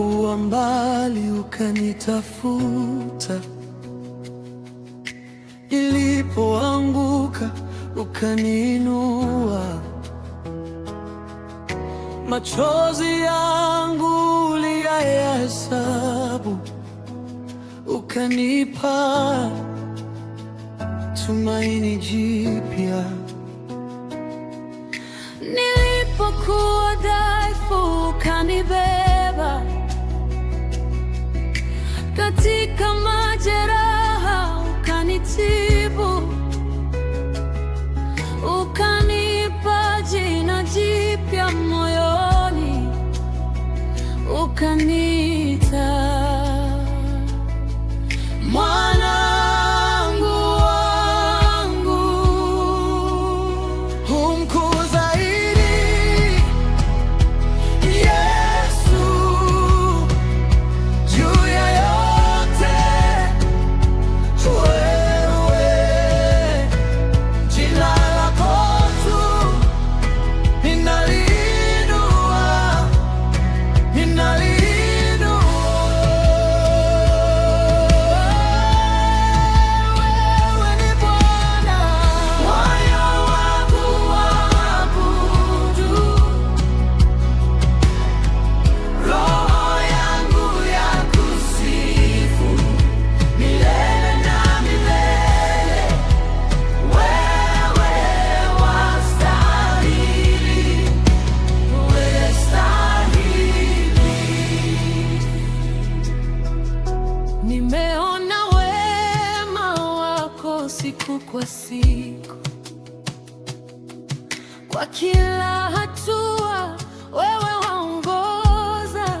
kuwa mbali ukanitafuta, nilipoanguka ukaniinua, machozi yangu uliyahesabu, ukanipa tumaini jipya nilipokuwa katika majeraha, ukanitibu, ukanipa jina jipya moyoni, ukani siku kwa siku, kwa kila hatua wewe waongoza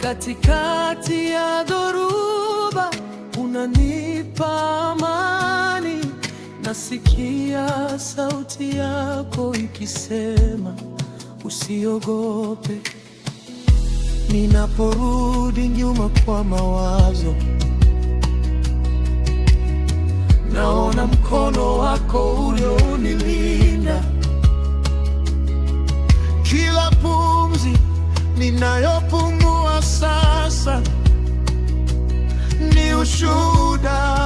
katikati ya dhoruba, unanipa amani. Nasikia sauti yako ikisema usiogope, ninaporudi nyuma kwa mawazo naona mkono wako ulionilinda, kila pumzi ninayopumua sasa ni ushuhuda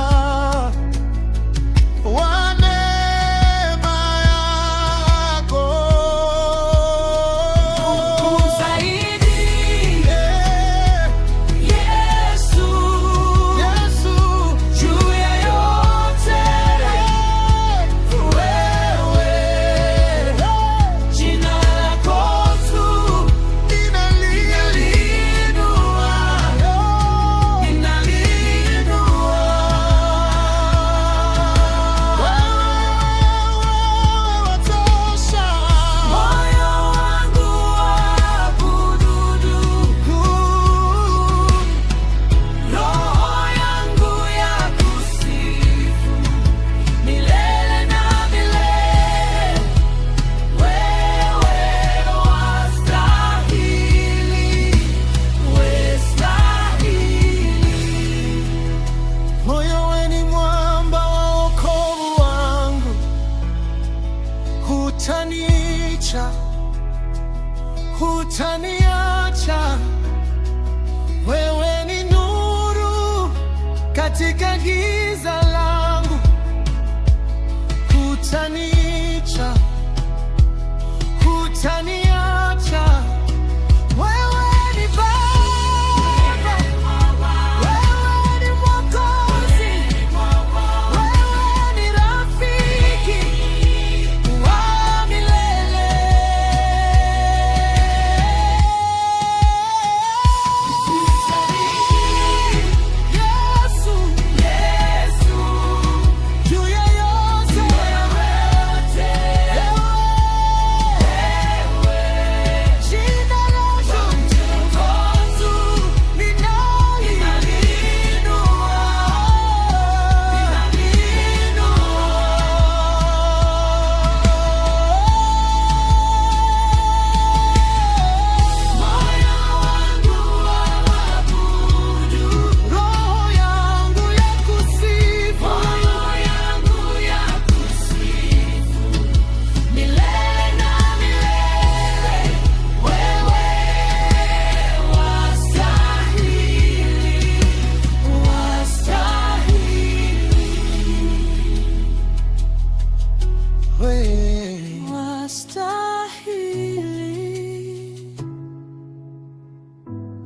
hutaniacha, hutaniacha. Wewe ni nuru katika giza la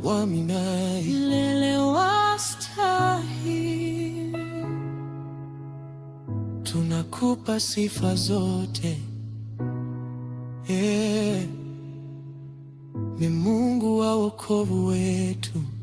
wa Minai, Tunakupa sifa zote e, ni Mungu wa wokovu wetu.